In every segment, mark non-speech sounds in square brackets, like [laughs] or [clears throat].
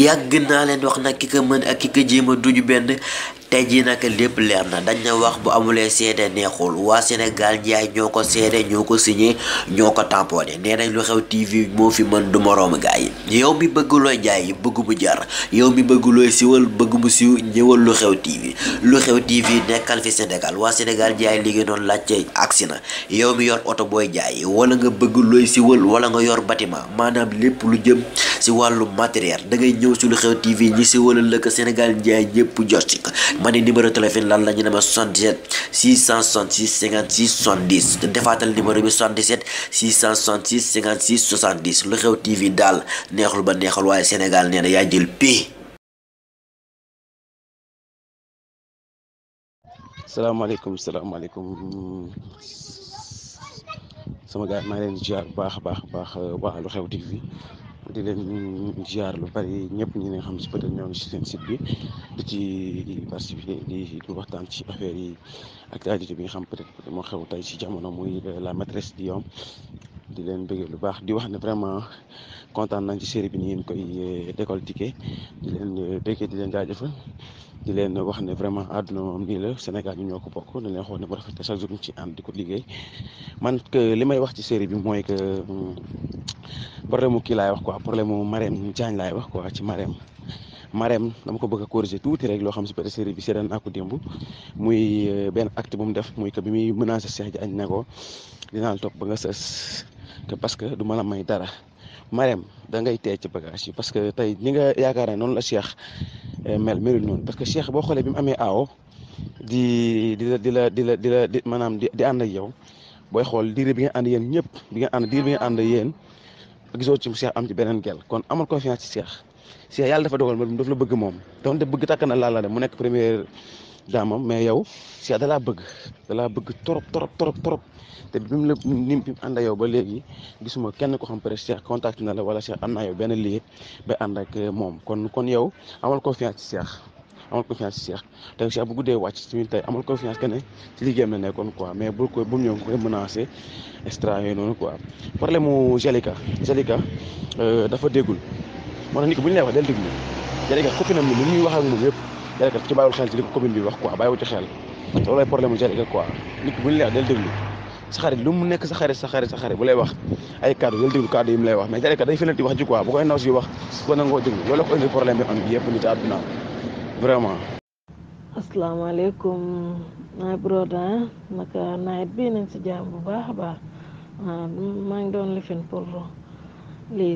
yàgg naa leen wax nag ki ko mën ak ki ko jéem duñu benn tey jii nag lépp leer na dañ na wax bu amulee seede neexul waa Sénégal njaay ñoo ko seede ñoo ko signé ñoo ko tamponné nee lu xew TV moo fi mën du moroomu gaa yi yow mi bëgg looy jaay bëgg mu jar yow mi bëgg looy siwal bëgg mu siw ñëwal lu xew TV lu xew TV nekkal fi Sénégal waa Sénégal njaay liggéey noonu laajte agsi na yow mi yor oto booy jaay wala nga bëgg looy siwal wala nga yor bâtiment maanaam lépp lu jëm si wàllu matériel da ngay ñëw ci lu xew TV ñi siwalal la ko Sénégal njaay ñëpp jot si ma ne numéro téléphone lan la ñu ne ma 77 666 56 70 te defaatal numéro bi 77 666 56 70 lu xew TV daal neexul ba neexul waaye Sénégal nee na yaa jël pii. salaamaaleykum salaamaaleykum sama gars maa ngi leen di ziar bu baax a baax baax waa lu xew TV. di leen ziar lu bari ñëpp ñi nga xam si peut ñoo si seen site bi di ci participer di di waxtaan ci affaire yi ak actualité bi nga xam peut être moo xew tey si jamono muy la maîtresse di yomb di leen bëggee lu baax di wax ne vraiment kontaan nañ ci série bi ni ngeen koy eh, décortiquer di leen eh, bëggee di leen jaajëfal di leen wax ne vraiment àdduna moom nii la Sénégal ñu ñoo ko bokk dañ leen xool ne bu rafetee chaque jour ñu ci ànd di ko liggéey man que li may wax ci série bi mooy que hmm, problème mu kii laay wax quoi problème mu Marème Diagne laay wax quoi ci Marème. Marème dama ko bëgg a corriger tuuti rek loo xam si peut-être série bi seetaan ak ko démb muy eh, benn act bu mu def muy que bi muy menacer Cheikh Diagne ne ko. dinaa topp ba nga sës te parce que du ma la may dara Marème da ngay tey ci bagage yi parce que tey ni nga yaakaar na noonu la Cheikh eh, mel melul noonu parce que Cheikh boo xoolee bi mu amee aawo di di di la di la di la di maanaam di di ànd ak yow booy xool diir bi nga ànd yéen ñëpp bi nga ànd diir bi ànd yéen gisoo ci Cheikh am ci beneen gel kon amal confiance ci Cheikh Cheikh yàlla dafa dogal moom daf la bëgg moom donte bëgg tàkk na laal la dem mu nekk première daamam mais yow Cheikh da laa bëgg da bëgg trop trop trop trop. te bi mu la nim yow ba léegi gisuma kenn ko xam peut être Cheikh contact na la wala Cheikh am naa yow benn liggéey ba ànd ak euh, moom kon kon yow amal confiance ci Cheikh amal confiance ci te tey Cheikh bu guddee wàcc tamit tey amal confiance que ne ci liggéeyam na nekkoon quoi mais bul ko bu mu ñëw nga koy menacé extra yooyu noonu quoi problème mu Jalika Jalika euh, dafa déggul moo tax nit ki bu ñu lay wax del déglu Jalika copine am ni lu ñuy wax ak moom yëpp Jalika ci bàyyiwul xel commune bi wax quoi ba ci xel loolu lay problème mu Jalika quoi sa xarit lu mu nekk sa xarit sa xarit sa xarit bu lay wax ay kaddu yolu déglu kaddu mu lay wax mais dalee kat day feneen di wax ji quoi bu koy naw si wax su ko nangoo déglu loolu la ko problème bi am vraiment asalaamaaleykum naay broda naka nawet si jàmm bu baax a baax ah, maa ngi doon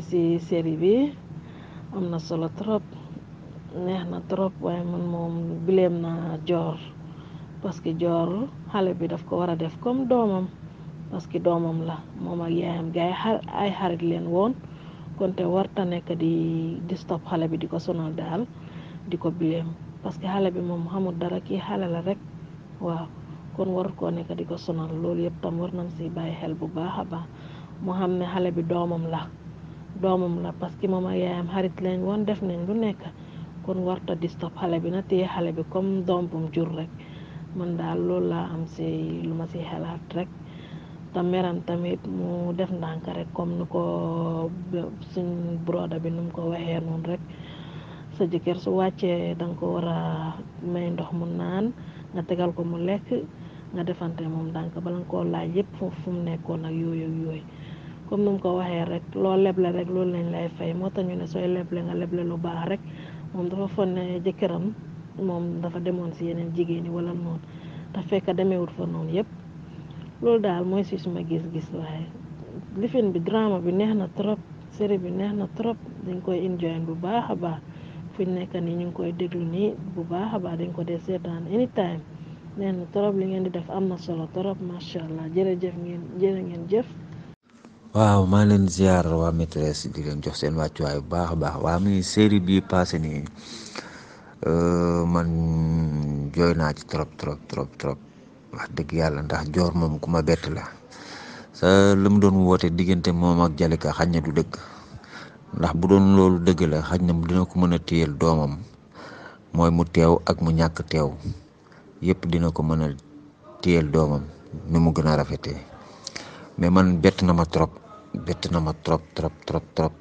si série bi am na solo trop neex na trop waaye man moom bileem na joor parce que joor xale bi daf ko war a def comme doomam parce que doomam la moom ak yaayam gaay xar ay xarit leen woon kon te warta nekk di disturb xale bi di ko sonal daal di ko bileem parce que xale bi moom xamul dara kii xale la rek waaw kon warut koo nekk di ko sonal loolu yëpp tam war nañ si bàyyi xel bu baax a baax mu xam ne xale bi doomam la doomam la parce que moom ak yaayam xarit leen woon def nañ lu nekk kon warta disturb xale bi na téye xale bi comme doom bu mu jur rek mën daal loolu laa am si lu ma si rek. te meram tamit mu def ndànk rek comme nu ko suñ broda bi nu mu ko waxee noonu rek sa jëkkër su wàccee da nga ko war a may ndox mu naan nga tegal ko mu lekk nga defante moom ndànk bala nga koo laaj yëpp fu mu nekkoon ak yooyu yooyu comme nu mu ko waxee rek loo leblee rek loolu lañ lay fay moo tax ñu ne sooy leble nga leble lu baax rek moom dafa fonne jëkkëram moom dafa demoon si yeneen jigéen ñi wala noonu te fekk demewut fa noonu yëpp loolu daal mooy si suma gis-gis waaye lifin bi drama bi neex na trop série bi neex na trop dañ koy enjoy bu baax a baax fi ñu nekk nii ñu ngi koy déglu nii bu baax a baax dañ ko dee seetaan anytime neex li ngeen di def am na solo trop macha allah jërëjëf ngeen jërë ngeen jëf. waaw maa leen ziar waa maîtresse di leen jox seen wàccuwaay bu baax a baax waa muy série bii passé nii euh, man jooy naa ci trop trop trop trop. wax dëgg yàlla ndax joor moom ku ma bett la sa lu mu doon wootee diggante moom ak Jalika xaj na du dëkk ndax bu doon loolu dëgg la xaj na dina ko mën a téyel doomam mooy mu teew ak mu ñàkk teew yépp dina ko mën a téyel doomam ni mu gën a rafetee mais man bett na ma trop bett na ma trop trop trop trop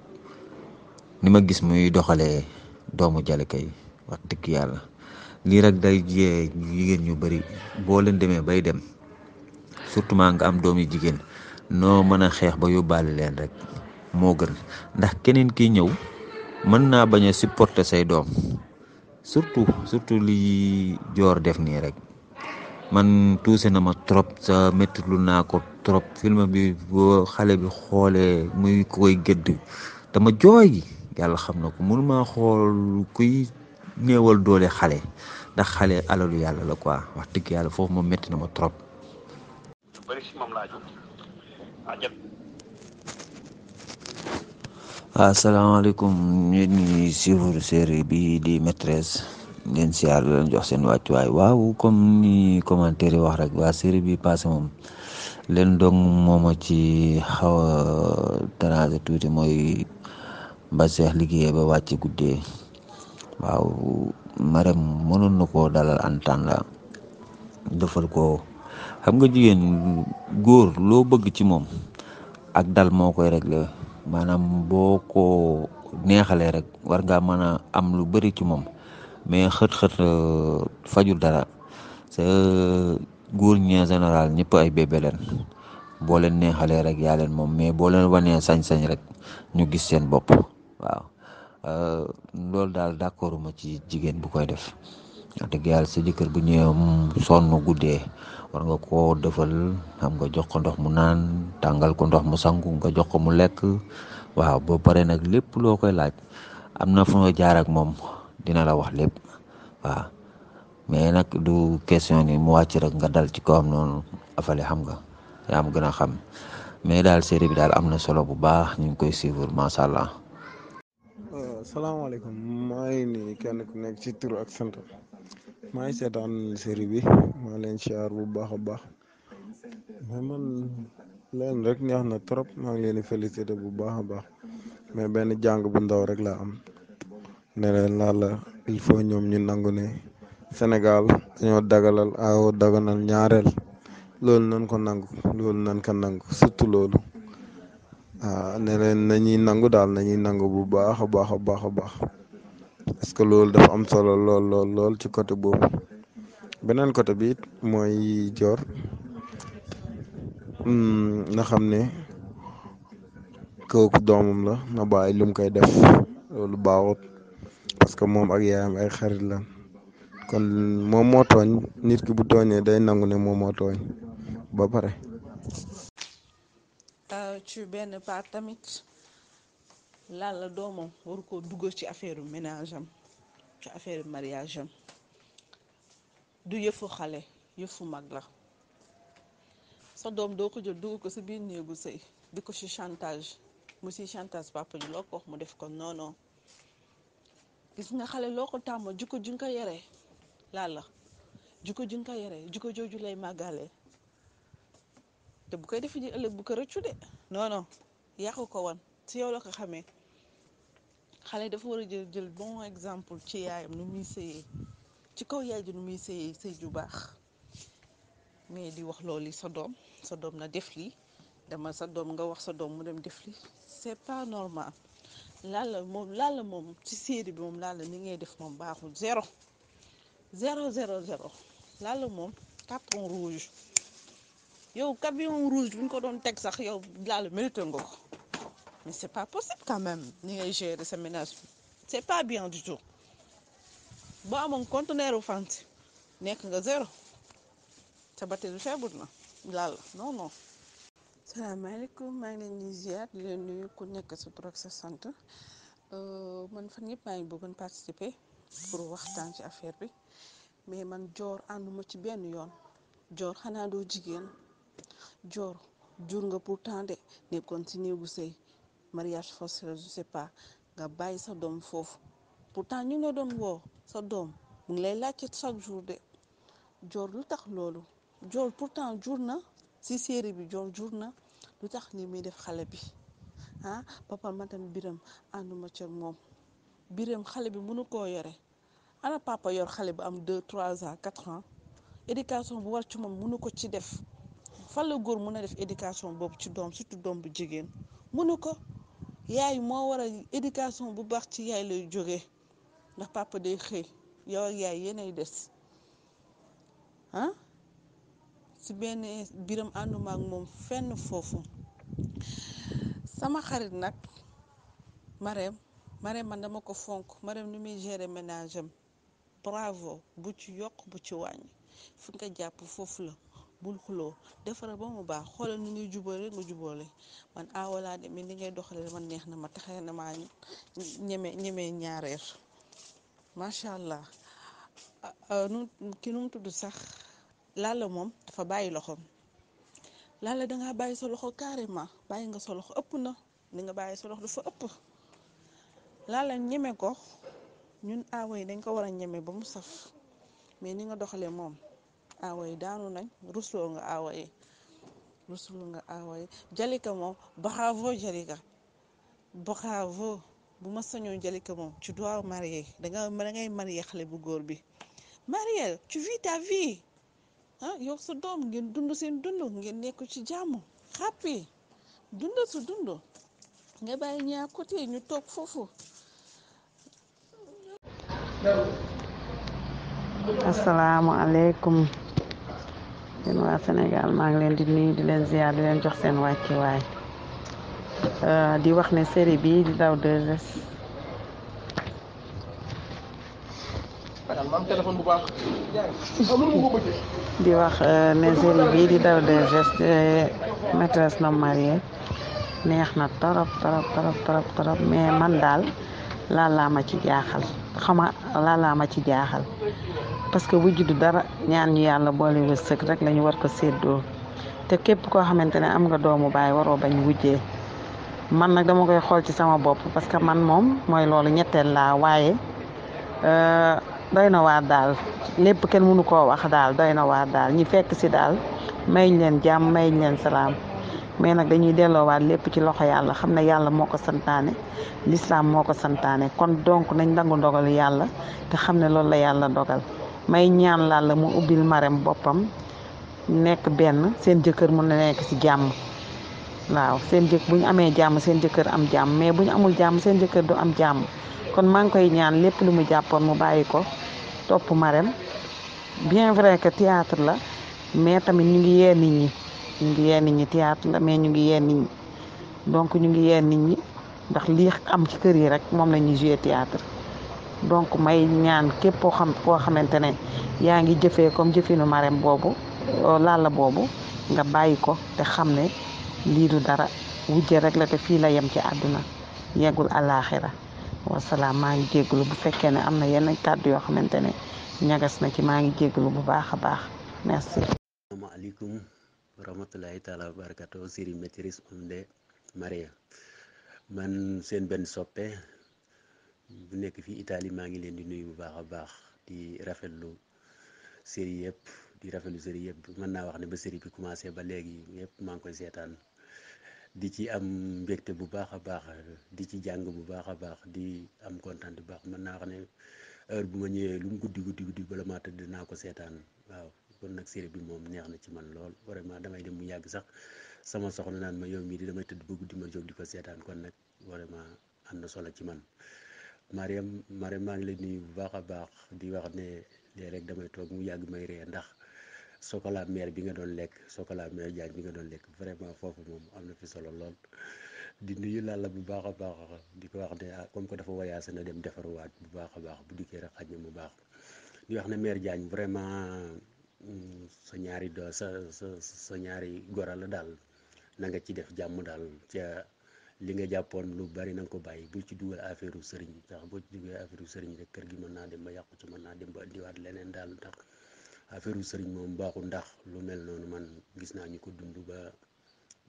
ni ma gis muy doxalee doomu Jalika yi wax dëgg yàlla lii rek day jiyee jigéen ñu bari boo leen demee bay dem surtout maa nga am doom yu jigéen noo mën a xeex ba yóbbaale leen rek moo gën ndax keneen kiy ñëw mën naa bañ a supporter say doom surtout surtout li joor def nii rek man tuuse na ma trop sa métti naa ko trop film bi boo xale bi xoolee muy koy gëdd dama jooy yàlla xam na ko mënuma xool kuy néewal doole xale ndax xale alalu yàlla la quoi wax dëgg yàlla foofu moom métti na ma trop. waaw ah, asalaamaaleykum ñun ñuy suivre série bi di maîtresse leen siyaar leen jox seen wàccuwaay waaw comme ni commentaire yi wax rek waa série bi passé moom leen dong mooma ci xaw a tuuti mooy ba seex liggéey ba wàcc guddee. waaw maram mënoon na koo dalal antaan la defal ko xam nga jigéen góor loo bëgg ci moom ak dal moo koy réglé maanaam boo ko neexalee rek war ngaa mën a am lu bëri ci moom mais xët-xët euh, fajul dara sa góor ñi en général ñëpp ay bébé leen boo leen neexalee rek yaa leen moom mais boo leen wanee sañ-sañ rek ñu gis seen bopp waaw Euh, loolu daal d'accord ma ci jigéen bu koy def wax dëgg yàlla sa jëkkër bu ñëwee sonn guddee war nga koo defal xam nga jox ko ndox mu naan tàngal ko ndox mu sangu nga jox ko mu lekk waaw boo paree nag lépp loo koy laaj am na fu nga jaar ak moom dina la wax lépp waaw mais nag du question ni mu wàcc rek nga dal ci ko am noonu afale xam nga yaa am gën a xam mais daal série bi daal am na solo bu baax ñu ngi koy suivre macha allah. Euh, salaamaaleykum maa ngi nii kenn ku nekk ci tur ak sant maa ngi seetaan série bi maa leen siyaar bu baax a baax mais man leen rek neex na trop maa ngi leen di félicité bu baax a baax mais benn jàng bu ndaw rek laa am ne leen il faut ñoom ñu nangu ne Sénégal dañoo dagalal awo daganal ñaareel loolu nan ko nangu loolu nan nangu surtout loolu. waaw ah, ne leen nañuy nangu daal nañuy nangu bu baax a baax a baax a baax parce que loolu dafa am solo lool lool ci côté boobu beneen côté biit mooy joor hmm, na xam ne kooku doomam la na bàyyi lu mu koy def loolu baaxut parce que moom ak yaayam ay xarit la kon moom moo tooñ nit ki bu tooñee day nangu ne moom moo tooñ ba pare ci benn part tamit lan la doomam waru koo duggal ci affaire ménage ci affaire mariage am du yëfu xale yëfu mag la sa doom doo ko jël dugg ko si biir néegu sëy di ko ci chantage mu si chantage papa ji loo ko wax mu def ko noonoo gis nga xale loo ko tàmm jikko ji nga ko yore lan la ju nga ko yore jikko jooju lay màggalee te bu koy defee ji ëllëg bu ko rëccu de non non yàqu ko wan ci yow la ko xamee xale dafa war a jël jël bon exemple ci yaayam nu muy sëyee ci kaw yaay ji nu muy sëyee sëy ju baax mais di wax loolu sa doom sa doom na def lii dama sa doom nga wax sa doom mu dem def lii c'est pas normal Lalla moom Lalla moom ci série bi moom Lalla ni ngay def moom baaxul zéro zéro zéro zéro Lalla moom carton rouge. yow camion rouge bu ñu ko doon teg sax yow laal mérite nga ko mais c'est pas possible quand ni ngay sa ménage bi c'est pas bien du tout boo amoon conteneur u fant nekk nga zéro sa bati du feebut na laal non non salaamaaleykum maa ngi leen di ziar leen nuyu ku nekk sa tur ak sa sant euh, man fan yëpp maa ngi bëggoon participer pour waxtaan ci affaire bi mais man joor ànduma ci benn yoon joor xanaa doo jigéen joor jur nga pourtant de nekkoon ci néegu sëy mariage forcé je sais nga bàyyi sa doom foofu pourtant ñu nga la doon woo sa doom mu ngi lay laajte chaque jour de joor lu tax loolu joor pourtant jur na si série bi joor jur na lu tax ni muy def xale bi ah papa man tam biram ànduma ca moom biram xale bi mënu ko yore ana papa yor xale bi am 2 3 ans 4 ans éducation bu war ci moom mënu ko ci def. fan la góor mën a def éducation boobu ci doom surtout doom bu jigéen mënu ko yaay moo war a éducation bu baax ci yaay lay jógee ndax papa day xëy yow ak yaay yéenay des ah si benn biram ànduma moom fenn foofu sama xarit nag Marème Marème man dama ko fonk Marème ni muy gérer ménage am bravo bu ci yokk bu ci wàññi fi nga jàpp foofu la bul xuloo defara ba mu baax xoolal nu ngay jubale nga jubale man awalaa ah, de mi li ngay doxale man neex na ma taxee na maa ñeme ñeme ñaareer macha allah ah, ah, nu ki nu mu tudd sax Lalla moom dafa bàyyi loxoom Lalla dangaa bàyyi sa loxo carrément bàyyi nga sa loxo ëpp na li nga bàyyi sa loxo dafa ëpp Lalla ñeme ko ñun awa yi dañ ko war a ñeme ba mu saf mais ni nga doxalee moom aawa yi daanu nañ rusloo nga aawa yi rusloo nga aawa yi Jalika moom bravo Jalika bravo bu ma sañoon Jalika moom tu dois marier danga dangay marier xale bu góor bi Mariel tu vis ta vie ah, yow sa doom ngeen dund seen dund ngeen nekk ci jàmm happy dund su dund nga bàyyi ñaa côté ñu toog foofu asalaamaaleykum yéen waa Sénégal maa ngi leen di nuyu di leen ziar di leen jox seen wàccuwaay euh, di wax ne série bi di daw de di wax euh, ne série bi di daw de res maîtresse non mariée neex na torop torop torop torop mais man daal laalaa ma ci jaaxal xama laalaa ma ci jaaxal parce que bu juddu dara ñaan yàlla boole wërsëg rek la ñu war ko séddoo te képp koo xamante ne am nga doomu baay waroo bañ wujjee man nag dama koy xool ci sama bopp parce que man moom mooy loolu ñetteel laa waaye euh, doy na waar daal lépp kenn mënu koo wax daal doy na waar daal ñi fekk si daal mayñ leen jàmm mayñ leen salaam mais nag dañuy delloowaat lépp ci loxo yàlla xam ne yàlla moo ko santaane lislaam moo ko santaane kon donc nañ dangu ndogalu yàlla te xam ne loolu la yàlla dogal may ñaan la mu ubbil Marème boppam nekk benn seen jëkkër mën na nekk ci jàmm waaw seen jëkk bu ñu amee jàmm seen jëkkër am jàmm mais bu ñu amul jàmm seen jëkkër du am jàmm kon maa ngi koy ñaan lépp lu mu jàppoon mu bàyyi ko topp Marème bien vrai que théâtre la mais tamit ñu ngi yee nit ñi ñu ngi yee nit ñi mais ñu ngi yee donc ñu ngi yee nit ñi ndax lii am ci kër yi rek moom la ñuy joué théâtre donc may ñaan képp koo xam koo xamante ne yaa ngi jëfee comme jëfinu Marème boobu euh, Lalla boobu nga bàyyi ko te xam ne lii dara wujje rek la te fii la yem ci àdduna yeggul àllaaxira wasalaam maa ngi jégalu bu fekkee ne am na yenn kàddu yoo xamante ne ñagas na ci maa ngi jégalu bu baax a baax merci. asalaamaaleykum wa rahmatulahi taala wa barakatu siri seen benn soppe. bu nekk fii Italie maa ngi leen di nuyu bu baax a baax di rafetlu série yëpp di rafetlu série yëpp mën naa wax ne ba série bi commencé ba léegi yëpp maa ngi koy seetaan di ci am mbégte bu baax a baax di ci jàng bu baax a baax di am kontaan bu baax mën naa wax ne heure bu ma ñëwee lu mu guddi guddi guddi bala maa tëdd naa ko seetaan waaw kon nag série bi moom neex na ci man lool vraiment damay dem mu yàgg sax sama soxna naan ma yow mii di damay tëdd ba guddi ma jóg di ko seetaan kon nag vraiment am na solo ci man. Mariam Mariam maa ngi lay nuyu bu baax a baax di wax ne léeg rek damay toog mu yàgg may ree ndax chocolat mère bi nga doon lekk chocolat mère Diagne bi nga doon lekk vraiment foofu moom am na fi solo lool. di nuyu Lalla bu baax a baax di ko wax ne ah comme que dafa voyagé na dem defaruwaat bu baax a baax bu dikkee rek xaj na mu baax di wax ne mère Diagne vraiment mm, sa ñaari do sa sa sa ñaari gora la daal na nga ci def jàmm daal li nga jàppoon lu bari na ko bàyyi bul ci dugal affaire sëriñ ndax boo ci dugal affaire sëriñ rek kër gi mën naa dem ba yàqu ci mën naa dem ba indiwaat leneen daal ndax affaire sëriñ moom baaxul ndax lu mel noonu man gis naa ñu ko dund ba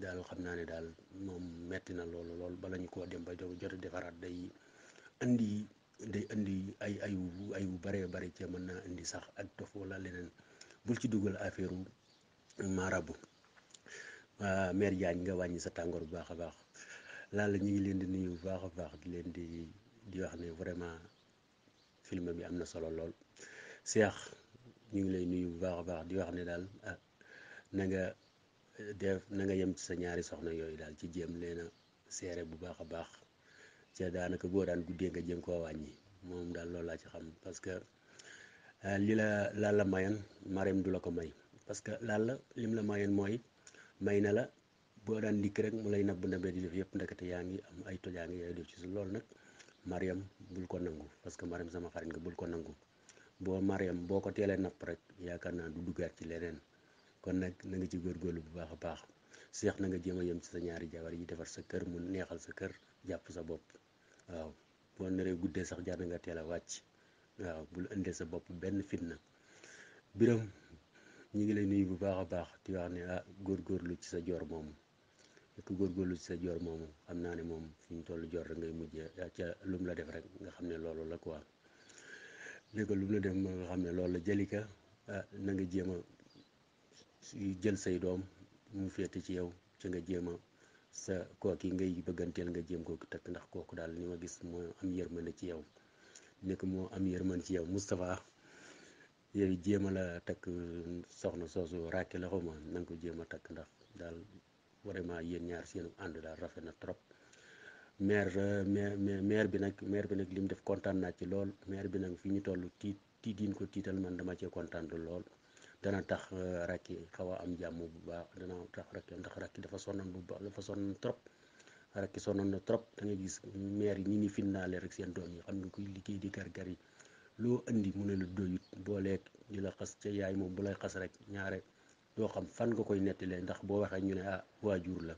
daal xam naa ne daal moom metti na loolu lool bala koo dem ba jot a day indi day indi ay ayu baree bari ca mën naa indi sax ak leneen bul ci dugal affaire marabu maire Diagne nga wàññi sa tàngoor bu baax a baax. laala ñu ngi leen di nuyu bu baax a baax di leen di di wax ne vraiment film bi am na solo lool Cheikh ñu ngi lay nuyu bu baax a baax di wax ne daal ah nga def na nga yem ci sa ñaari soxna yooyu daal ci jéem leen a seere bu baax a baax ca daanaka boo daan guddee nga jéem koo wàññi moom daal loolu laa ci xam parce que ah, li la laal la mayan Marème du la ko may parce que laal la lim la mayan mooy may na la boo daan dikk rek mu lay nabb nabbee di def yëpp ndekete yaa ngi am ay tojaa ngi yaay def ci su loolu nag Mariam bul ko nangu parce que Mariam sama xarit nga bul ko nangu boo Mariam boo ko teelee napp rek yaakaar naa du duggaat ci leneen kon nag na nga ci góorgóorlu bu baax a baax seex na nga jéem a yem ci sa ñaari jabar yi defar sa kër mu neexal sa kër jàpp sa bopp waaw boo naree guddee sax jaar na nga teel a wàcc waaw bul indee sa bopp benn fitna biram ñu ngi lay nuyu bu baax a baax di wax ne ah góorgóorlu ci sa joor moom surtout góorgóorlu si sa joor moomu xam naa ne moom fi ñu toll joor rek ngay mujj eh, ca lum la def rek nga xam ne loolu la quoi léegi lum la def nga xam ne loolu la jëlika eh, na nga jéem a jël say doom mu féete ci yow ci nga jéem a sa kooki ngay bëgganteel nga jéem kooku takk ndax kooku daal ni ma gis moo am yërmande ci yow nekk moo am yërmande ci yow Moustapha yooyu jéem a la takk soxna soosu ràkki la xaw ma na ko jéem a takk ndax daal vraiment yéen ñaar seen ànd daal rafet na trop maire maire bi nag maire bi nag li mu def kontaan naa ci lool maire bi nag fi ñu toll tiit tiitin ko tiital man dama cee kontaan lool dana tax euh, rakki xaw a am jàmm bu baax dana tax rakki ndax rakki dafa sonna bu baax dafa sonnoon trop rakki sonnoon na trop da ngay gis maire yi ñi ni finnaale rek seen doom yi xam nga kuy liggéey di gar-gar yi loo indi mu ne la doyut booleeg di la xas ca yaay moom bu lay xas rek ñaare doo xam fan nga koy nettalee ndax boo waxee ñu ne ah waajur la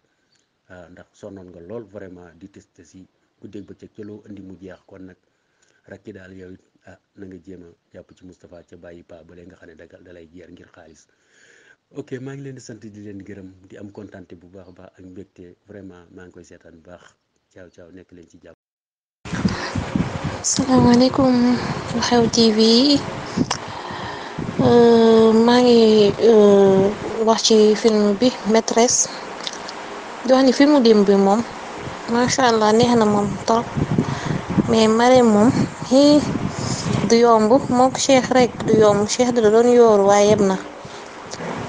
ah, ndax sonnoon nga lool vraiment di teste si guddeeg bëccëg ca loo indi mu jeex kon nag rakki daal yow it ah na nga jéem a jàpp ci Moustapha ca bàyyi paa ba nga xam ne da lay jeer ngir xaalis ok maa ngi leen di sant di leen gërëm di am kontante bu baax a baax ak mbégte vraiment maa ngi koy seetaan bu baax caaw caaw nekk leen ci jàpp. ngi euh, wax ci film bi maîtresse di wax ni filmu démb bi moom macha allah neex na moom trop mais Marème moom hii du yomb mook Cheikh rek du yomb Cheikh da doon yooru waaye yeb na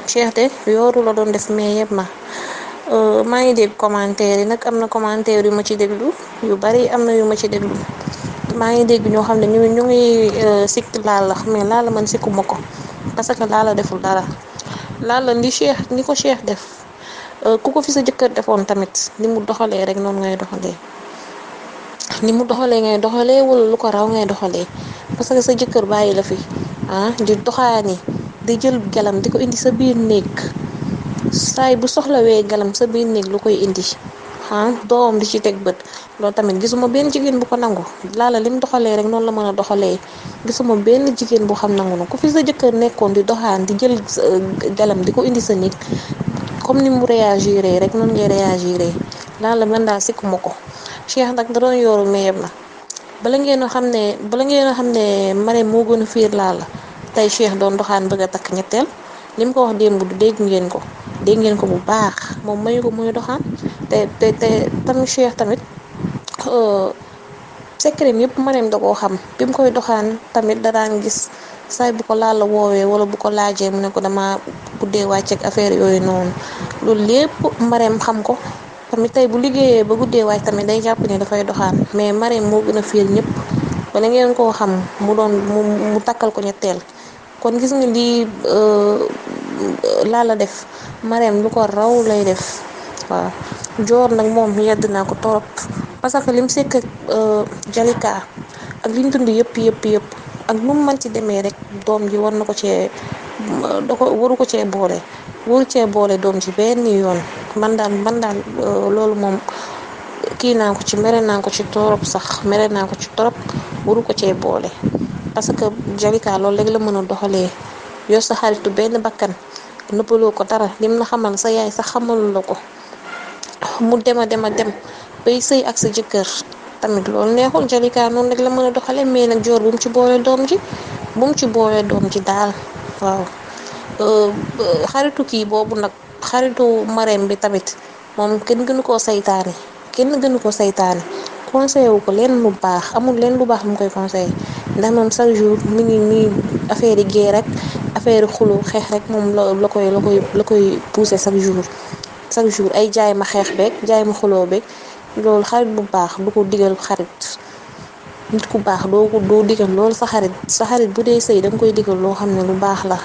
Cheikh de yooru la doon def mais yeb na euh, maa ngi dégg commentaire yi nag am na commentaire yu ma ci déglu yu bari am na yu ma ci déglu maa ngi dégg ñoo xam ne ñu ñu ngi euh, sikk laal la mais laal man sikkuma ko parce que Lalla deful dara Lalla li Cheikh ni ko Cheikh def euh, ku ko fi sa jëkkër defoon tamit ni mu doxalee rek noonu ngay doxalee ni mu doxalee ngay doxalee wala lu ko raw ngay doxalee parce que sa jëkkër bàyyi la fi ah, di doxaani di jël galam di ko indi sa biir néeg saay bu soxlawee galam sa biir néeg lu koy indi ah doomam di ci teg bët loolu tamit gisuma benn jigéen bu ko nangu laala lim doxalee rek noonu la mën a doxalee gisuma benn jigéen bu xam nangu na ku fi sa jëkkër nekkoon di doxaan di jël galam di ko indi sa nit comme ni mu réagir rek noonu ngay réagir laala man daa sikkuma ko Cheikh nag da doon yooru meeyam na bala ngeen xam ne bala ngeen a xam ne Marème moo gën a fiir laala tey Cheikh doon doxaan bëgg a takk ñetteel li ko wax démb du dégg ngeen ko. dégg ngeen ko bu baax moom mayu ko muy doxaan te te te tamit Cheikh tamit euh, secret yëpp Marème da koo xam bi mu koy doxaan tamit daraan gis say bu ko laal la woowee wala bu ko laajee mu ne ko dama guddee wàcceeg affaire yooyu noonu loolu lépp Marème xam ko tamit tey bu liggéeyee ba guddee wàcc tamit day jàpp ne dafay doxaan mais Marème moo gën a fiir ñëpp ba ngeen koo xam mu doon mu takkal ko ñetteel kon gis nga lii euh, laa la def mareem lu ko raw lay def waaw joor nag moom yedd naa ko torop parce que lim sekk ak euh, Jalika ak liñ dund yëpp yëpp yëpp ak nu mu ci demee rek doom ji war na ko cee da ko waru ko cee boole waru cee boole doom ji benn yoon man daal man daal euh, loolu moom kii naa ko ci mere naa ko ci torop sax mere naa ko ci torop waru ko cee boole parce que Jalika loolu léegi la mën a doxalee yor sa xaritu benn bakkan nëppaloo ko dara lim la xamal sa yaay sax xamalu la ko mu dema dema dem bay sëy ak sa jëkkër tamit loolu neexul Jalika noonu rek la mën a doxalee mais nag joor bu mu ci boole doom ji bu mu ci boole doom ji daal waaw euh, xaritu kii boobu nag xaritu mareem bi tamit moom kenn gënu koo saytaane kenn gënu koo saytaane conseillé wu ko leen lu baax amul leen lu baax mu koy conseillé ndax moom chaque jour mu ngi nii affaire yi rek affaire xulu xeex rek moom la koy la koy la koy poussé chaque jour chaque jour ay jaay ma xeex beeg jaay ma xuloo beeg loolu xarit bu baax du ko digal xarit nit ku baax doo ko doo digal loolu sa xarit sa xarit bu dee sëy da koy digal loo xam ne lu baax la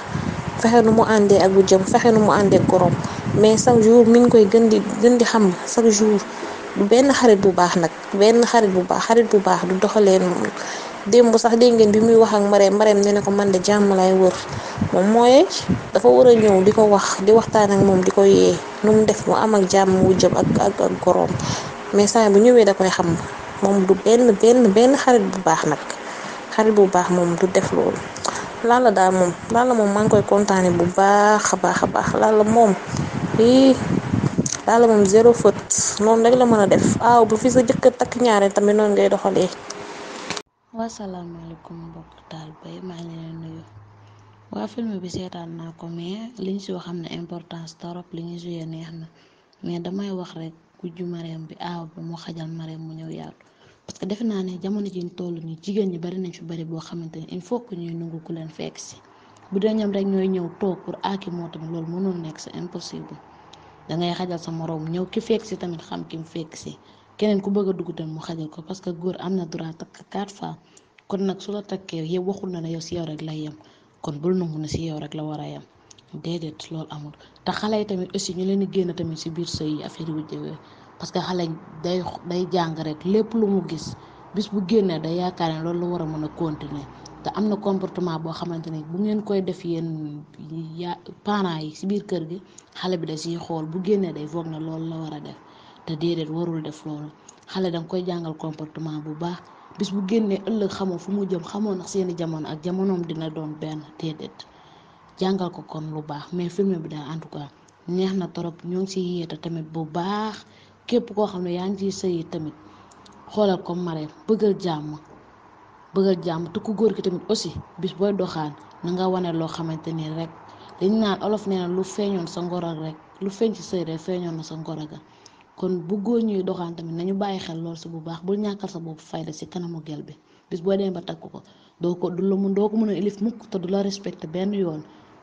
fexe nu mu àndee ak bu jëm fexe nu mu àndee ak gorom mais chaque jour mi ngi koy gën di gën di xam chaque jour benn xarit bu baax nag benn xarit bu baax xarit bu baax du doxaleen démb sax dégg ngeen bi muy wax ak Marème Marème nee na ko man de jàmm lay wër moom mooy dafa war a ñëw di ko wax di waxtaan ak moom di ko yee nu mu def mu am ak jàmm wu jëm ak ak ak mais saa bu ñëwee da koy xam moom du benn benn benn xarit bu baax nag xarit bu baax moom du def loolu. la daal moom Lalla moom maa ngi koy kontaane bu baax a baax a baax la moom lii Lalla moom zéro faute noonu rek la mën a def aaw bu fi sa jëkkër takk ñaaree tamit noonu ngay doxalee. waa salaamaaleykum mbokk taal bay maa ngi leen nuyu waa film bi seetaan naa ko mais liñ si wax am na importance torop li ñu suyee neex na mais damay wax rek gujju mareem bi aaw bi mu xajal mareem mu ñëw yaatu parce que defe naa ne jamono jiñ toll ni jigéen ñi bari nañ fi bari boo xamante ne il faut que ñuy nangu ku leen fekk si bu dee ñam rek ñooy ñëw toog pour aaki moo tamit loolu mënul nekk c'est impossible dangay xajal sa moroom ñëw ki fekk si tamit xam ki fekk si keneen ku bëgg a dugg tam mu xajal ko parce que góor am na droit takk quatre fois kon nag su la takkee yow waxul na ne yow si yow rek lay yem kon bul nangu ne si yow rek la war a yem déedéet loolu amul te xale yi tamit aussi ñu leen di génn tamit si biir sëy yi affaire yu jëwee parce que xale day day jàng rek lépp lu mu gis bis bu génnee day yaakaar ne loolu la war a mën a continuer te am na comportement boo xamante ne bu ngeen koy def yéen ya parents yi si biir kër gi xale bi da siy xool bu génnee day foog na loolu la war a def. te déedéet warul def loolu xale danga koy jàngal comportement bu baax bis bu génnee ëllëg xamoo fu mu jëm xamoo ndax seeni jamono ak jamonoom dina doon benn déedéet jàngal ko kon lu baax mais film bi daal en tout cas neex na torop ñoo ngi siy yéete tamit bu baax képp koo xam ne yaa ngi ciy sëyi tamit xoolal ko Marème bëggal jàmm bëggal jàmm te ku góor ki tamit aussi bis booy doxaan na nga wane loo xamante ni rek dañ naan olof nee na lu feeñoon sa ngoro rek lu feeñ ci sëy feeñoon na sa ngoro ga kon bu góor ñuy doxaan tamit nañu bàyyi xel lool si bu baax bul ñàkkal sa bopp fayda si kanamu gel bi bis boo demee ba takk ko doo ko du la mun doo ko mën a ilif mukk te du la respecté benn yoon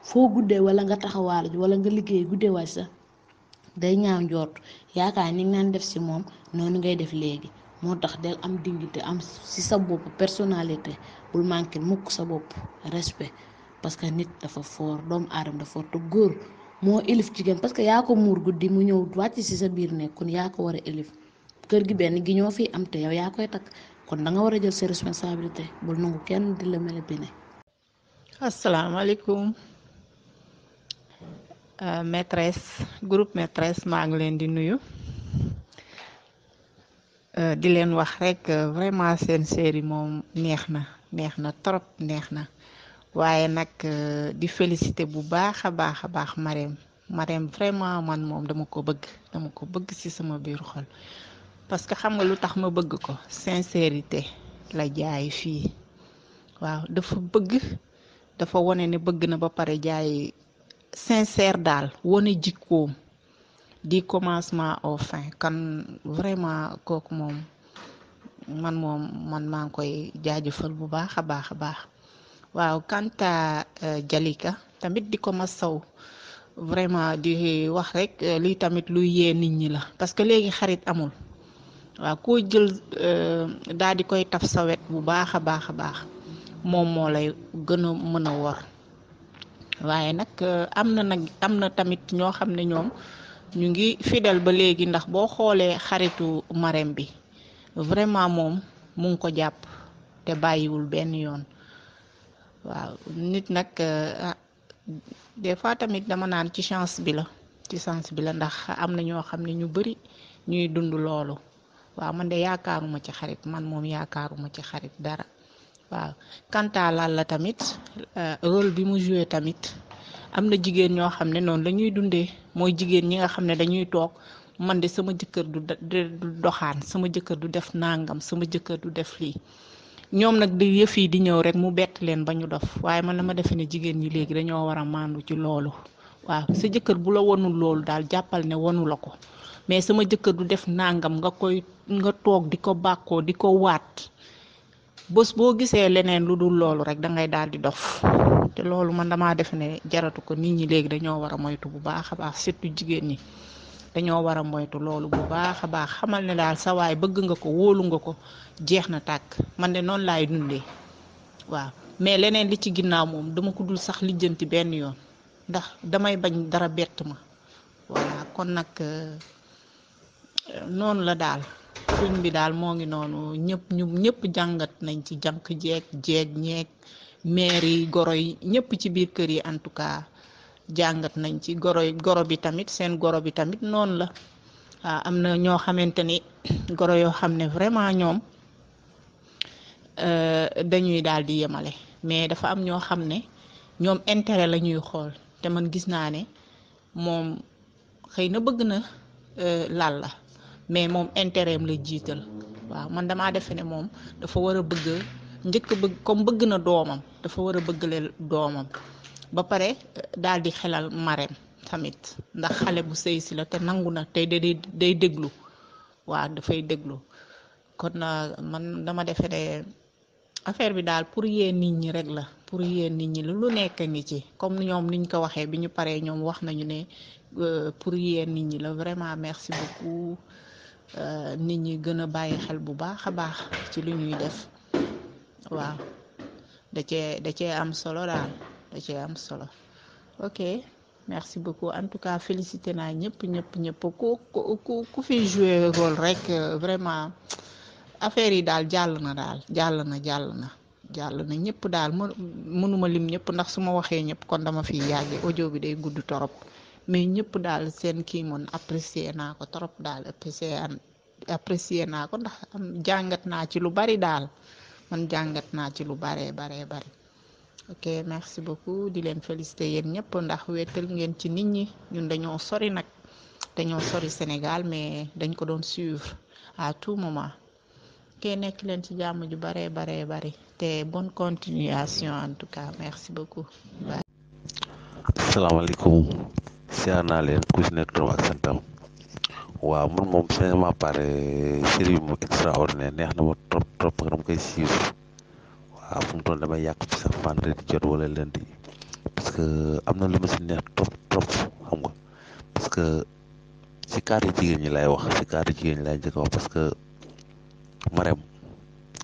foo guddee wala nga taxawaal ji wala nga liggéey guddee waay sa day ñaaw njort yaakaar ni naan def si moom noonu ngay def léegi moo tax del am dignité am si sa bopp personnalité bul manqué mukk sa bopp respect parce que nit dafa foor doomu aadama dafa foor góor moo élif jigéen parce que yaa ko muur guddi mu ñëw wàcc ci sa biir nekk kon yaa ko war a élif kër gi benn gi ñoo fiy am te yow yaa koy takk kon da nga war a jël sa responsabilité bul nangu kenn di la mel bi ne. asalaamaaleykum euh, maîtresse groupe maîtresse maa ngi leen di nuyu euh, di leen wax rek euh, vraiment seen série moom neex na neex na trop neex na. waaye nag euh, di félicité bu baax a baax a baax Marème Marème vraiment man moom dama ko bëgg dama ko bëgg ci sama biir xol parce que xam nga lu tax ma bëgg ko sincérité la jaay fii waaw dafa bëgg dafa wone ne bëgg na ba pare jaay sincère daal wone jikkoom di commencement au fin kan vraiment kooku moom man moom man maa ngi koy jaajëfal bu baax a baax a baax waaw kanta euh, Jalika tamit di ko ma saw vraiment di wax rek euh, lii tamit luy yee nit ñi la parce que léegi xarit amul waa koo jël euh, daal di koy taf sa wet bu baax a baax a baax moom moo lay gën a mën a wor waaye nag am na nag am na tamit ñoo xam ne ñoom ñu ngi fidèle ba léegi ndax boo xoolee xaritu Marème bi vraiment moom mu ngi ko jàpp te bàyyiwul benn yoon waaw nit nag euh, ah, des fois tamit dama naan ci chance bi la ci chance bi la ndax am na ñoo xam ne ñu bari ñuy dund loolu waaw man de yaakaaruma ci xarit man moom yaakaaruma ci xarit dara waaw quant à Lalla tamit euh, rôle bi mu joué tamit am na jigéen ñoo xam ne noonu lañuy dundee mooy jigéen ñi nga xam ne dañuy toog man de sama jëkkër du doxaan sama jëkkër du def nangam sama jëkkër du def lii ñoom nag di yëf yi di ñëw rek mu bett leen ba ñu dof waaye man la ma defe ne jigéen ñi léegi dañoo war a màndu ci loolu waaw sa jëkkër bu la wonul loolu daal jàppal ne wonu ko mais sama jëkkër du def nàngam nga koy nga toog di ko bàkkoo di ko waat bés boo gisee leneen lu dul loolu rek da ngay daal di dof te loolu man damaa defe ne jaratu ko nit ñi léegi dañoo war a moytu bu baax a baax surtout jigéen ñi dañoo war a moytu loolu bu baax a baax xamal ne daal sa bëgg nga ko wóolu nga ko jeex na tàkk man de noonu laay dundee waaw mais leneen li ci ginnaaw moom dama ko dul sax lijjanti benn yoon ndax damay bañ dara bett ma voilà kon nag euh, noonu la daal film bi daal moo ngi noonu ñëpp ñu ñëpp jàngat nañ ci janq jeeg jeeg ñeeg maire goro yi ñëpp ci biir kër yi en tout cas jàngat nañ ci goro goro bi tamit seen goro bi tamit noonu la waaw ah, am na ñoo xamante ni [clears throat] goro yoo xam ne vraiment ñoom euh, dañuy daal di yemale mais dafa am ñoo xam ne ñoom intérêt la ñuy xool te man gis naa ne moom xëy na bëgg na euh, lal la mais moom intérêt am la jiital waaw man damaa defe ne moom dafa war a bëgg njëkk bëgg comme bëgg na doomam dafa war a bëggale doomam ba pare daal di xelal mareem tamit ndax xale bu sëy la te nangu na tey da day day déglu waaw dafay déglu kon na ah, man dama defe ne affaire bi daal pour yee nit ñi rek la pour yee nit ñi lu nekk ngi ci comme ñoom niñ ko waxee bi ñu paree ñoom wax nañu ne euh, pour yee nit ñi la vraiment merci beaucoup euh, nit ñi gën a bàyyi xel bu baax a baax ci lu ñuy def waaw da cee da cee am solo daal. da am solo ok merci beaucoup en tout cas félicité naa ñëpp ñëpp ñëpp ku ku ku fi joué rôle rek euh, vraiment affaire yi daal jàll na daal jàll na jàll na jàll na ñëpp daal mënuma lim ñëpp ndax su ma waxee ñëpp kon dama fi yàggee audio bi day gudd torop mais ñëpp daal seen kii moom apprécié naa ko torop daal apprécié naa ko ndax jàngat naa ci lu bari daal man jàngat naa ci lu baree bari ok merci beaucoup di leen félicité yéen ñëpp ndax wéetal ngeen ci nit ñi ñun dañoo sori nag dañoo sori Sénégal mais dañ ko doon suivre à tout moment kee nekk leen ci jàmm ju bare bare bari te bonne continuation en tout cas merci beaucoup bye asalaamaaleykum naa leen ku si nekk turam ak santam waaw man moom pare euh, série bi extraordinaire neex na ma trop trop dama koy suivre ah fu mu toll damay yàq ci sax vendredi jot wala lundi parce que am na lu ma si neex trop trop xam nga parce que si cadre jigéen ñi lay wax si cadre jigéen ñi lay njëkk wax parce que marem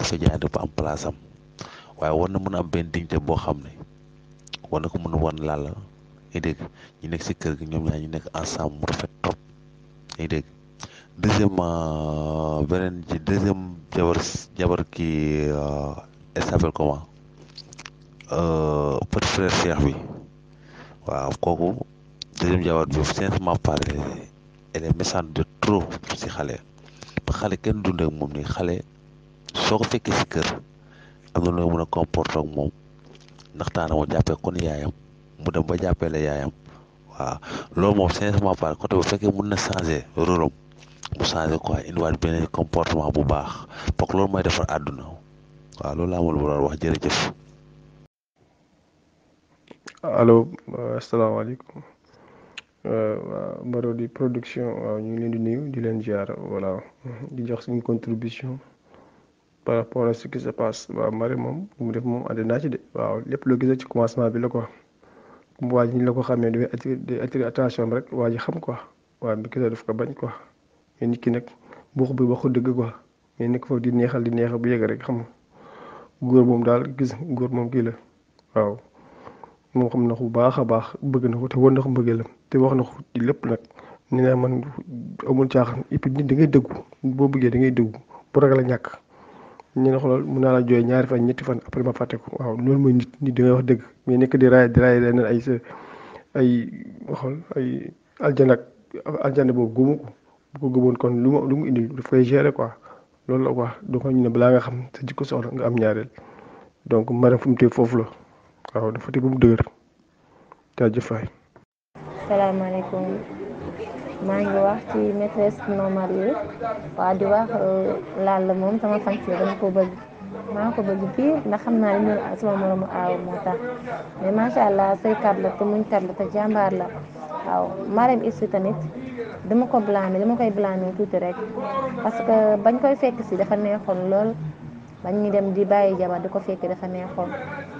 dafa jaay dafa am place am waaye war na mën a am benn dignité boo xam ne war ko mën a wan laal la ngay ñu nekk si kër gi ñoom ñaar ñu nekk ensemble mu rafet trop ngay dégg deuxièmement beneen ci deuxième jabar jabar kii. Euh, elle s'appelle comment euh, petit frère Cheikh bi waaw kooku deuxième jabar bi sincèrement parlé elle est méchante de trop si xale xale kenn dund ak moom ni xale soo ko fekkee si kër am na loo mën a comporter ak moom ndaxtaana mu jàppee kon yaayam mu dem ba jàppee la yaayam waaw loolu moom sincèrement parlé côté bu fekkee mun na changer rôle am mu changer quoi indiwaat beneen comportement bu baax parce loolu mooy defar àdduna waaw loolu amul bu doon wax jërëjëf. allo asalaamaaleykum euh, waaw Marodi production waaw ñu ngi leen di nuyu di leen jaar voilà mhm, di jox suñu contribution par rapport à ce qui se passe waaw moom mu def moom ànd naa ci de waaw lépp loo gisee ci commencement bi la ko comme waa ji ni la ko xamee dafay attirer day attirer attention rek waa ji xam quoi waaw bi kese daf ko bañ quoi mais nit ki nag buux bi waxu dëgg ko mais ni ko foofu di neexal di neexal bu yegg rek xam nga góor moom daal gis góor moom kii la waaw moom xam na ko bu baax a baax bëgg na ko te wan na ko mbëggeelam te wax na ko ci lépp nag nee naa man amul caaxaan et puis nit da ngay dëggu boo bëggee da ngay dëggu bu ragal a ñàkk ñu ne xoolal mun naa la jooy ñaari fan ñetti fan après ma fàtte ko waaw loolu mooy nit nit da wax dëgg mais nekk di raay di raay leneen ay sa ay xool ay aljana ak aljana boobu gëmu ko bu gëmoon kon lu indi lu mu indil koy gérer quoi. loolu la wax du ko ñu ne balaa nga xam sa jikko soxna nga am ñaareel donc maram fu mu tee foofu la waaw dafa tee bu mu dëgër jaajëf waay. salaamaaleykum maa ngi wax ci maîtresse non mariée waaw di wax euh, laal la moom sama fan si dama ko bëgg maa ko bëgg fii ndax xam naa ne ñun sama moromu aaw moo tax mais macha allah saykat la te muñkat la te jàmbaar la waaw Marème Issi tamit. dama ko blâmer dama koy blâmer tuuti rek parce que bañ koy fekk si dafa neexoon lool bañ ñu dem di bàyyi jabar di ko fekk dafa neexoon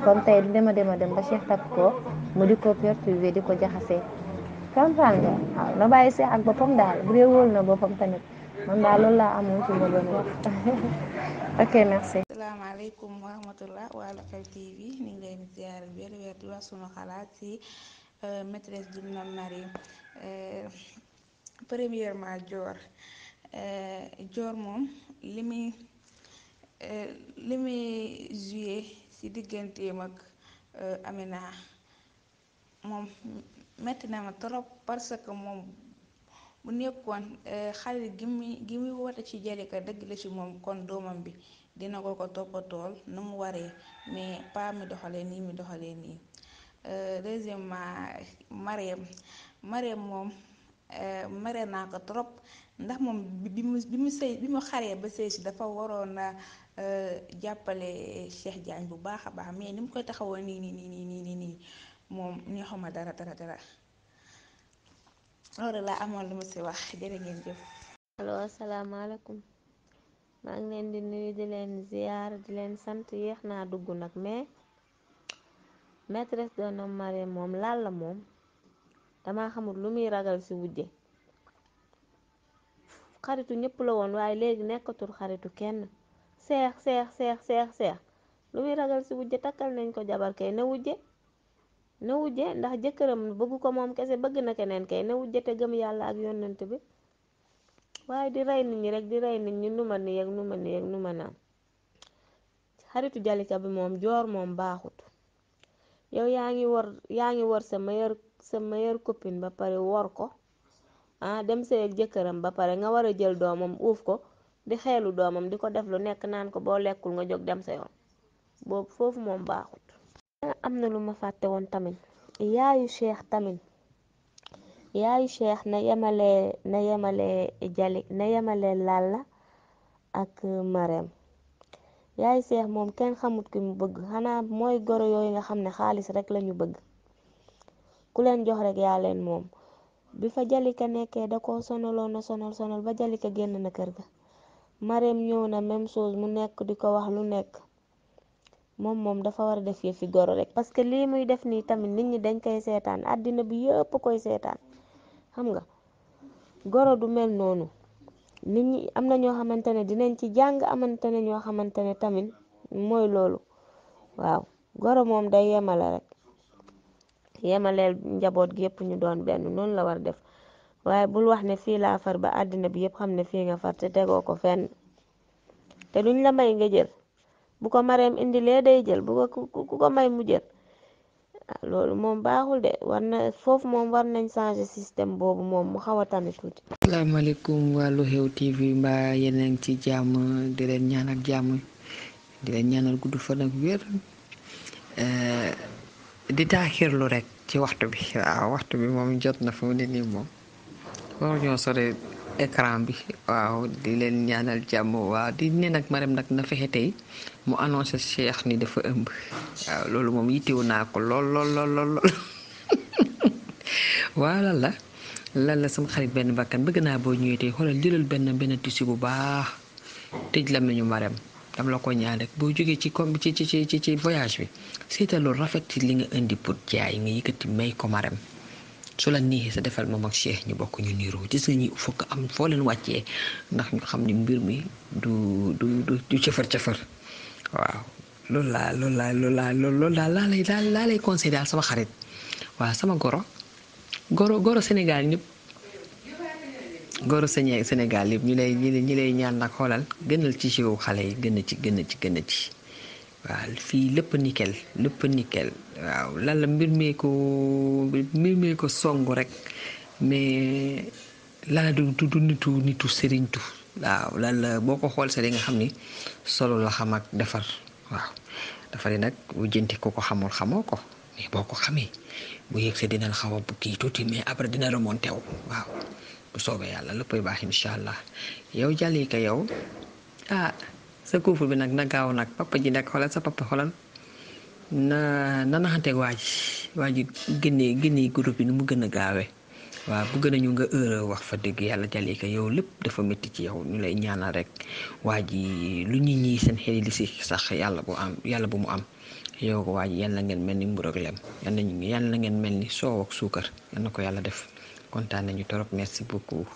kon tey du dema dema dem ba Cheikh takk ko mu di ko perturber di ko jaxasee comprendre nga waaw bàyyi si ak boppam daal bu dee wóolu na boppam tamit man daal loolu laa amoon ci ma doon wax [laughs] ok merci salaamaaleykum wa rahmatullah waa Lu Xew TV ni ngi leen ziar di wax sunu xalaat ci euh, maîtresse d'une femme mariée euh, premièrement joor joor eh, moom li muy eh, li muy joué ci digganteem ak eh, Amina moom metti na ma trop parce que moom bu nekkoon xarit gi muy gi muy woote ci Jalika dëgg la ci moom kon doomam bi dina ko ko toppatool na mu waree mais pas mi doxalee nii mi doxalee nii deuxièmement Marème moom Euh, mere naa ko trop ndax moom bi mu bi mu xaree ba sëy dafa waroon a euh, jàppale Cheikh Diagne bu baax a baax mais ni mu koy taxawoo nii nii nii nii nii nii moom neexuma dara dara dara loolu laa amoon lu ma si wax jërë ngeen jëf. allo asalaamaaleykum maa ngi leen di nuyu di leen ziar di leen sant yéex naa dugg nag mais maîtresse d'un homme moom laal la moom. dama xamul lu muy ragal ci wujje xaritu ñëpp la woon waaye léegi nekkatul xaritu kenn seex seex seex seex seex lu muy ragal ci wujje takkal nañ ko jabar kay na wujje na ndax jëkkëram bëgg ko moom kese bëgg na keneen kay na wujje te gëm yàlla ak yonent bi waaye di rey nit ñi rek di rey nit ñi nu ma ni yeg nu ma ni yeg nu ma xaritu jalika bi moom joor moom baaxut yow yaa ngi war yaa ngi war sa meilleur sa meilleure copine ba pare wor ko ah dem sey jëkkëram ba pare nga war a jël doomam uuf ko di xeelu doomam di ko def lu nekk naan ko boo lekkul nga jóg dem sa yoon boobu foofu moom baaxut ah, am na lu ma fàtte woon tamit yaayu cheikh tamit yaayu cheikh na yemale na yemale jali na yemale lalla ak mareem yaayu cheikh moom kenn xamut ki mu bëgg xanaa mooy goro yooyu nga xam ne xaalis rek lañu bëgg ku leen jox rek yaa leen moom bi fa Jalika nekkee da ko sonaloon na sonal sonal ba Jalika génn na kër ga Marème ñëw na même chose mu nekk di ko wax lu nekk moom moom dafa war a def fi goro rek parce que lii muy def nii tamit nit ñi dañ koy seetaan àddina bi yëpp koy seetaan xam nga goro du mel noonu nit ñi am na ñoo xamante ne dinañ ci jàng amante ne ñoo xamante ne tamit mooy loolu waaw goro moom day yemale rek yemaleel njaboot gi ñu doon benn noonu la war def waaye bul wax ne fii laa far ba àddina bi yëpp xam ne fii nga far te tegoo ko fenn te duñ la may nga jël bu ko mareem indi lee day jël bu ko ku ko may mu jël ah, loolu moom baaxul de war na foofu moom war nañ changer système boobu moom mu xaw a tane tuuti. asalaamaaleykum waa Lu Xew TV mbaa yeneen ci jàmm di ñaanak ñaan ak ñaanal gudd fan ak wér. Eh, di taaxirlu rekk ci waxtu bi waaw waxtu bi moom jot na fu mu ne nii moom waruñoo sore écran bi waaw di leen ñaanal jàmm waaw di ne nag Marème nag na fexe tey mu annoncé Cheikh ni dafa ëmb waaw loolu moom yittewu naa ko lool lool lool [laughs] waaw lan la la sama xarit benn bakkan bëgg naa boo ñëwee tey xoolal jëlal benn benn tissu bu baax tëj la meñu Marème dama la ko ñaan rek boo jógee ci comme ci ci ci ci voyage bi seetaloo rafet ci li nga indi pour jaay nga yëkkati may ko Marème su la neexee sa defal moom ak Cheikh ñu bokk ñu niiroo gis nga ñi am foo leen wàccee ndax ñu xam ne mbir mi du du du du cëfër cëfër waaw loolu laa loolu laa loolu laa loolu laa laa lay laa lay conseil daal sama xarit waaw sama goro goro goro Sénégal ñëpp. góoru Sénégal yi ñu lay ñi lay ñaan nag xoolal gënal ci siw xale yi gën ci gën ci gën ci waaw fii lépp nickel lépp nickel waaw lan la mbir mee ko mbir mee song rek mais lala du du nitu nitu sëriñtu waaw lan la boo ko xool sa di nga xam ni solo la xam ak defar waaw dafa nag bu jënti ko ko xamul xamoo ko mais boo ko xamee bu yëg sa dina xaw a bu tuuti mais après dina remonté wu waaw bu soobee yàlla léppay baax incha allah yow jàlli ka yow ah sa kuuful bi nag na gaaw nag papa ji nekk xoolal sa papa xoolal na na naxanteeg waa ji waa ji génnee génnee groupe bi nu mu gën a gaawee waaw bu nañu nga heure wax fa dëgg yàlla jàlli ka yow lépp dafa métti ci yow ñu lay ñaanal rek waa ji lu nit ñi seen xel si sax yàlla bu am yàlla bu mu am. yow ko waa ji na ngeen mel ni mburu ak lem yal na ñu yal ngeen mel ni soow ak suukar yal na ko yàlla def kontaan nañu torop merci beaucoup